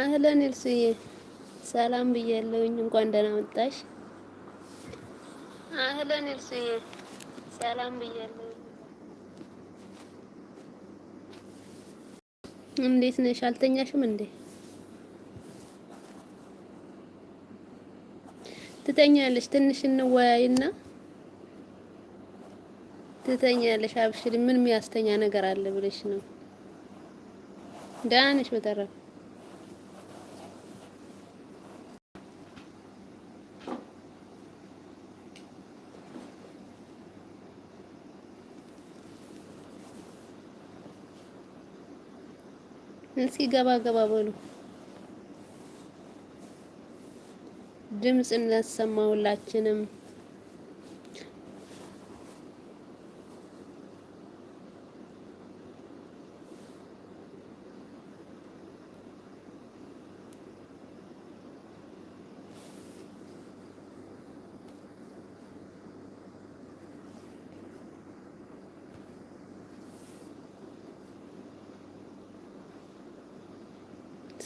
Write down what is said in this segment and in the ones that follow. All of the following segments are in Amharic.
አህለን ኤልሱዬ ሰላም ብያለሁኝ። እንኳን ደህና መጣሽ። አህለን ኤልሱዬ ሰላም ብያለሁ። እንዴት ነሽ? አልተኛሽም እንዴ? ትተኛለሽ? ትንሽ እንወያይና ትተኛለሽ። አብሽሪ። ምን የሚያስተኛ ነገር አለ ብለሽ ነው? ደህና ነሽ በተረፈ እስኪ ገባ ገባ በሉ። ድምፅ እናሰማ ሁላችንም።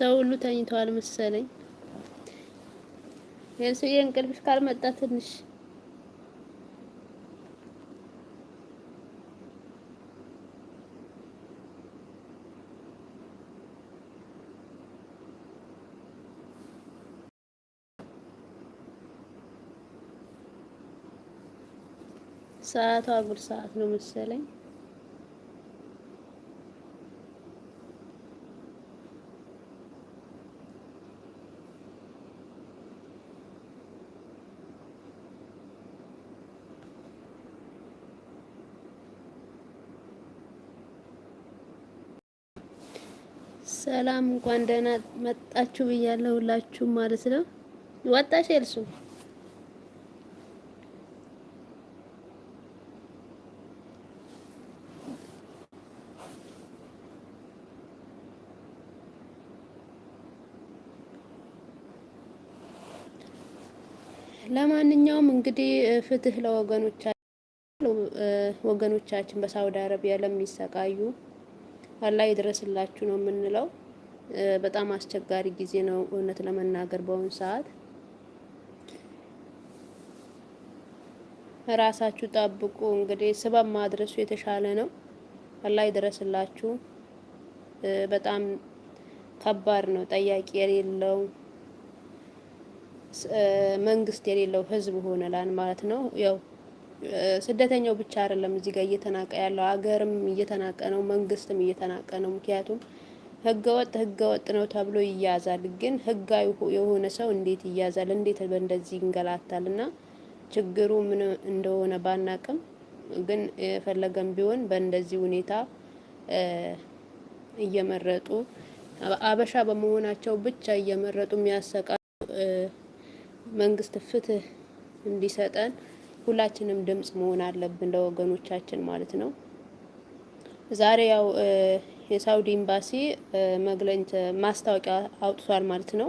ሰው ሁሉ ተኝተዋል መሰለኝ። የሱ እንቅልፍሽ ካልመጣ ትንሽ ሰዓቷ አጉል ሰዓት ነው መሰለኝ። ሰላም እንኳን ደህና መጣችሁ ብያለሁ ሁላችሁ ማለት ነው። ወጣሽ ኤልሱ ለማንኛውም እንግዲህ ፍትህ ለወገኖቻችን ወገኖቻችን በሳውዲ አረቢያ ለሚሰቃዩ አላህ ይድረስላችሁ ነው የምንለው። በጣም አስቸጋሪ ጊዜ ነው እውነት ለመናገር በአሁኑ ሰዓት። ራሳችሁ ጠብቁ። እንግዲህ ስበብ ማድረሱ የተሻለ ነው። አላህ ይድረስላችሁ። በጣም ከባድ ነው። ጠያቂ የሌለው መንግስት የሌለው ህዝብ ሆነላን ማለት ነው። ያው ስደተኛው ብቻ አይደለም እዚህ ጋር እየተናቀ ያለው፣ አገርም እየተናቀ ነው፣ መንግስትም እየተናቀ ነው። ምክንያቱም ህገወጥ ህገወጥ ነው ተብሎ ይያዛል። ግን ህጋዊ የሆነ ሰው እንዴት ይያዛል? እንዴት በእንደዚህ ይንገላታል? እና ችግሩ ምን እንደሆነ ባናቅም ግን የፈለገም ቢሆን በእንደዚህ ሁኔታ እየመረጡ አበሻ በመሆናቸው ብቻ እየመረጡ የሚያሰቃ መንግስት ፍትህ እንዲሰጠን ሁላችንም ድምጽ መሆን አለብን ለወገኖቻችን ማለት ነው። ዛሬ ያው የሳውዲ ኤምባሲ መግለጫ ማስታወቂያ አውጥቷል ማለት ነው።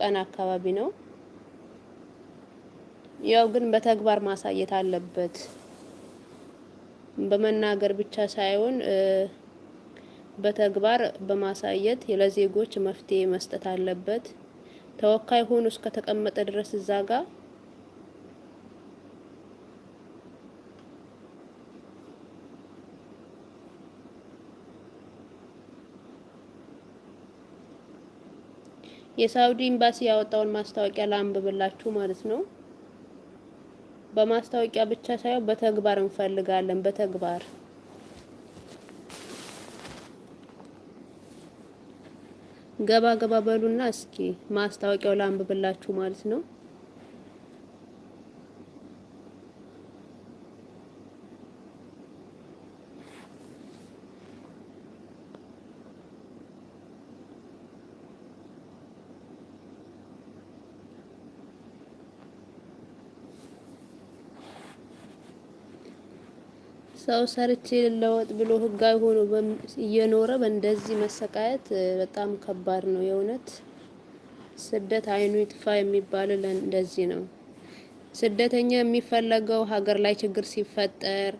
ቀን አካባቢ ነው። ያው ግን በተግባር ማሳየት አለበት። በመናገር ብቻ ሳይሆን በተግባር በማሳየት ለዜጎች መፍትሄ መስጠት አለበት። ተወካይ ሆኖ እስከተቀመጠ ድረስ እዛ ጋር የሳውዲ ኤምባሲ ያወጣውን ማስታወቂያ ላንብብላችሁ ማለት ነው። በማስታወቂያ ብቻ ሳይሆን በተግባር እንፈልጋለን። በተግባር ገባ ገባ በሉና እስኪ ማስታወቂያው ላንብብላችሁ ማለት ነው። ሰው ሰርቼ ለወጥ ብሎ ህጋዊ ሆኖ እየኖረ በእንደዚህ መሰቃየት በጣም ከባድ ነው። የእውነት ስደት አይኑ ይጥፋ የሚባል ለእንደዚህ ነው። ስደተኛ የሚፈለገው ሀገር ላይ ችግር ሲፈጠር፣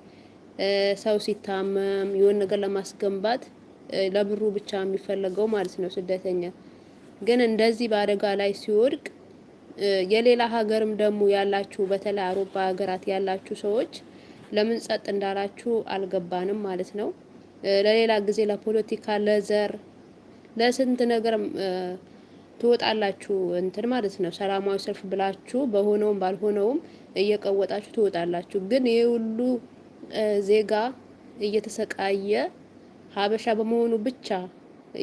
ሰው ሲታመም፣ የሆነ ነገር ለማስገንባት ለብሩ ብቻ የሚፈለገው ማለት ነው ስደተኛ። ግን እንደዚህ በአደጋ ላይ ሲወድቅ የሌላ ሀገርም ደግሞ ያላችሁ በተለይ አውሮፓ ሀገራት ያላችሁ ሰዎች ለምን ጸጥ እንዳላችሁ አልገባንም ማለት ነው። ለሌላ ጊዜ ለፖለቲካ፣ ለዘር፣ ለስንት ነገር ትወጣላችሁ እንትን ማለት ነው። ሰላማዊ ሰልፍ ብላችሁ በሆነውም ባልሆነውም እየቀወጣችሁ ትወጣላችሁ። ግን ይህ ሁሉ ዜጋ እየተሰቃየ ሀበሻ በመሆኑ ብቻ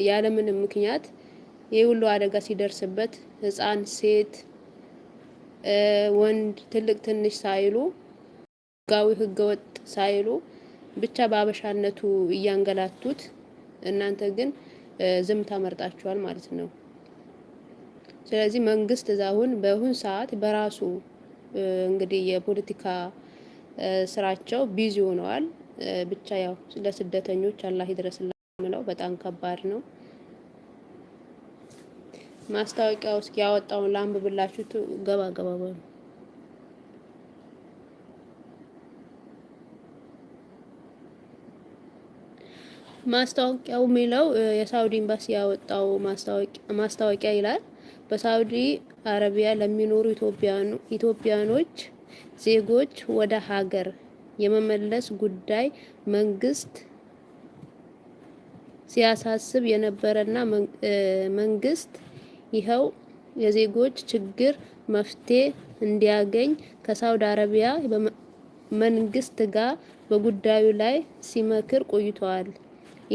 ያለምንም ምክንያት ይህ ሁሉ አደጋ ሲደርስበት ህፃን፣ ሴት፣ ወንድ፣ ትልቅ ትንሽ ሳይሉ ህጋዊ ህገወጥ ሳይሉ ብቻ በአበሻነቱ እያንገላቱት፣ እናንተ ግን ዝም ታመርጣችኋል ማለት ነው። ስለዚህ መንግስት ዛሁን በሁን ሰዓት በራሱ እንግዲህ የፖለቲካ ስራቸው ቢዚ ሆነዋል። ብቻ ያው ለስደተኞች አላህ ይድረስላቸው ምለው በጣም ከባድ ነው። ማስታወቂያ ውስጥ ያወጣውን ላንብብላችሁ። ገባ ገባ በሉ ማስታወቂያው የሚለው የሳውዲ ኤምባሲ ያወጣው ማስታወቂያ ይላል። በሳውዲ አረቢያ ለሚኖሩ ኢትዮጵያኖች ዜጎች ወደ ሀገር የመመለስ ጉዳይ መንግስት ሲያሳስብ የነበረና መንግስት ይኸው የዜጎች ችግር መፍትሄ እንዲያገኝ ከሳውዲ አረቢያ መንግስት ጋር በጉዳዩ ላይ ሲመክር ቆይቷል።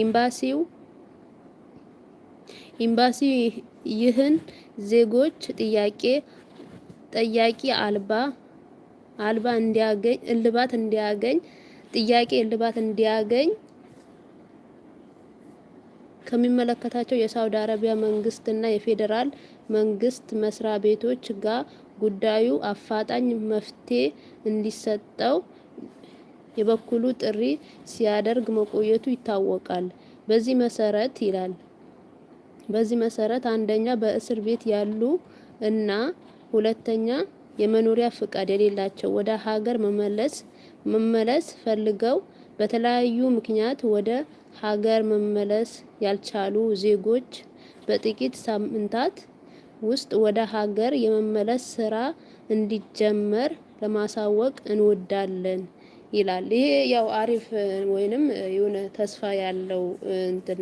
ኤምባሲው ኤምባሲ ይህን ዜጎች ጥያቄ ጠያቂ አልባ አልባ እንዲያገኝ እልባት እንዲያገኝ ጥያቄ እልባት እንዲያገኝ ከሚመለከታቸው የሳውዲ አረቢያ እና የፌዴራል መንግስት መስሪያ ቤቶች ጋር ጉዳዩ አፋጣኝ መፍትሄ እንዲሰጠው የበኩሉ ጥሪ ሲያደርግ መቆየቱ ይታወቃል። በዚህ መሰረት ይላል በዚህ መሰረት አንደኛ በእስር ቤት ያሉ እና ሁለተኛ የመኖሪያ ፍቃድ የሌላቸው ወደ ሀገር መመለስ መመለስ ፈልገው በተለያዩ ምክንያት ወደ ሀገር መመለስ ያልቻሉ ዜጎች በጥቂት ሳምንታት ውስጥ ወደ ሀገር የመመለስ ስራ እንዲጀመር ለማሳወቅ እንወዳለን። ይላል። ይሄ ያው አሪፍ ወይንም የሆነ ተስፋ ያለው እንትን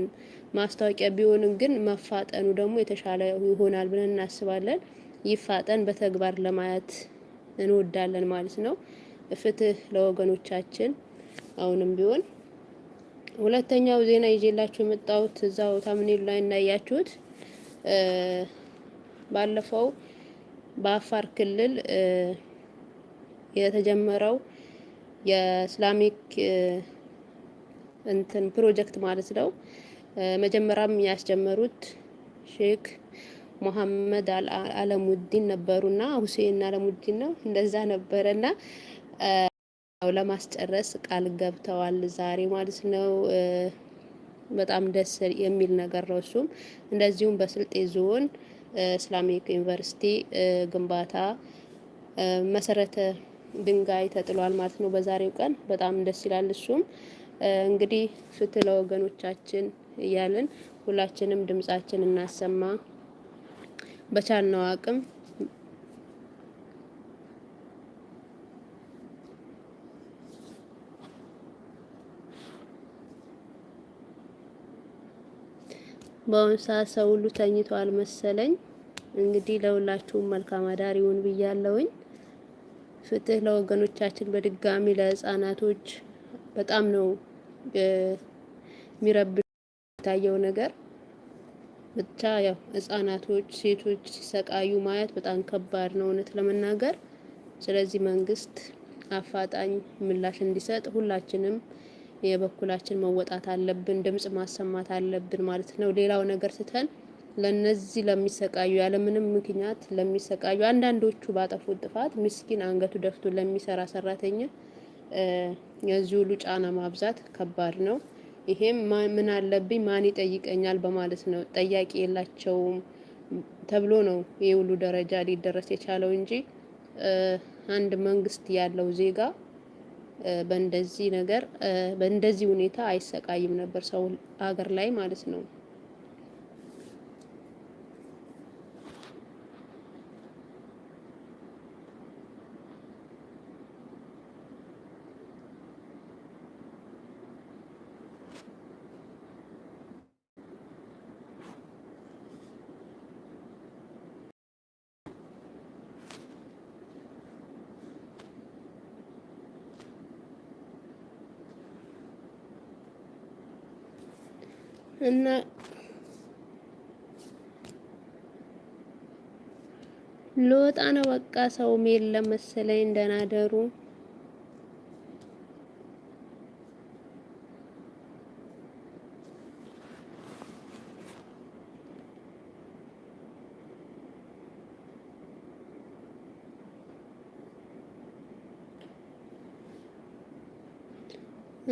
ማስታወቂያ ቢሆንም ግን መፋጠኑ ደግሞ የተሻለ ይሆናል ብለን እናስባለን። ይፋጠን በተግባር ለማየት እንወዳለን ማለት ነው። ፍትህ ለወገኖቻችን አሁንም ቢሆን ሁለተኛው ዜና ይዤላችሁ የመጣሁት እዛው ታምኔሉ ላይ እናያችሁት ባለፈው በአፋር ክልል የተጀመረው የእስላሚክ እንትን ፕሮጀክት ማለት ነው። መጀመሪያም ያስጀመሩት ሼክ ሙሐመድ አለሙዲን ነበሩና ሁሴን አለሙዲን ነው እንደዛ ነበረና ለማስጨረስ ቃል ገብተዋል ዛሬ ማለት ነው። በጣም ደስ የሚል ነገር ነው። እሱም እንደዚሁም በስልጤ ዞን እስላሚክ ዩኒቨርሲቲ ግንባታ መሰረተ ድንጋይ ተጥሏል ማለት ነው በዛሬው ቀን። በጣም ደስ ይላል። እሱም እንግዲህ ፍትህ ለወገኖቻችን እያልን ሁላችንም ድምጻችን እናሰማ በቻልነው አቅም በአሁኑ ሰዓት ሰው ሁሉ ተኝቷል መሰለኝ። እንግዲህ ለሁላችሁም መልካም አዳር ይሁን ብያለሁኝ። ፍትህ ለወገኖቻችን በድጋሚ ለህፃናቶች በጣም ነው የሚረብሽ የታየው ነገር። ብቻ ያው ህጻናቶች፣ ሴቶች ሲሰቃዩ ማየት በጣም ከባድ ነው እውነት ለመናገር። ስለዚህ መንግስት አፋጣኝ ምላሽ እንዲሰጥ ሁላችንም የበኩላችን መወጣት አለብን፣ ድምጽ ማሰማት አለብን ማለት ነው። ሌላው ነገር ስተን ለነዚህ ለሚሰቃዩ ያለምንም ምክንያት ለሚሰቃዩ አንዳንዶቹ ባጠፉት ጥፋት ምስኪን አንገቱ ደፍቶ ለሚሰራ ሰራተኛ የዚህ ሁሉ ጫና ማብዛት ከባድ ነው። ይሄም ምን አለብኝ ማን ይጠይቀኛል በማለት ነው ጠያቂ የላቸውም ተብሎ ነው ይህ ሁሉ ደረጃ ሊደረስ የቻለው እንጂ አንድ መንግስት ያለው ዜጋ በእንደዚህ ነገር በእንደዚህ ሁኔታ አይሰቃይም ነበር ሰው ሀገር ላይ ማለት ነው። እና ልወጣ ነው በቃ ሰውም የለም መሰለኝ። እንደናደሩ ደሩ።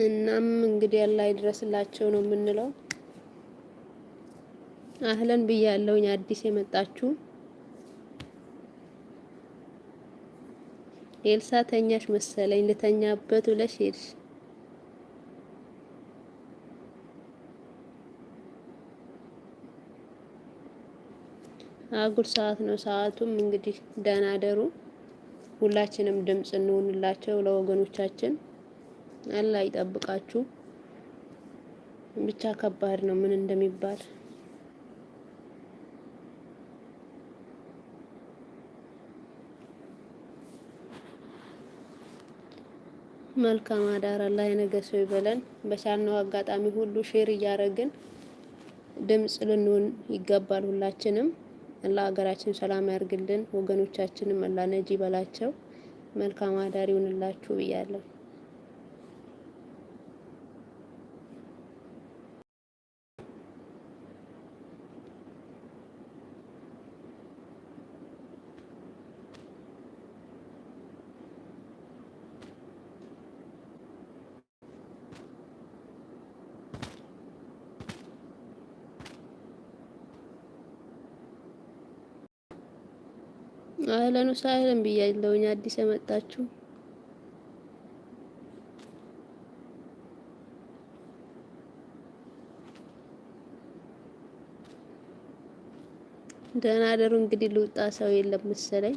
እናም እንግዲህ ያለ አይድረስላቸው ነው የምንለው። አህለን ብያለሁኝ። አዲስ የመጣችሁ ኤልሳ ተኛሽ መሰለኝ ልተኛበት ብለሽ ሄድሽ። አጉል ሰዓት ነው። ሰዓቱም እንግዲህ ደህና ደሩ ሁላችንም ድምጽ እንሆንላቸው ለወገኖቻችን። አላህ ይጠብቃችሁ። ብቻ ከባድ ነው ምን እንደሚባል መልካም አዳር አላህ የነገ ሰው ይበለን። በቻልነው አጋጣሚ ሁሉ ሼር እያደረግን ድምጽ ልንሆን ይገባል ሁላችንም። አላህ ሀገራችን ሰላም ያርግልን፣ ወገኖቻችንም አላህ ነጂ በላቸው። መልካም አዳር ይሁንላችሁ ብያለሁ። አህለን ወሳህለን ብያለሁኝ። አዲስ የመጣችሁ ደህና አደሩ። እንግዲህ ልውጣ፣ ሰው የለም መሰለኝ።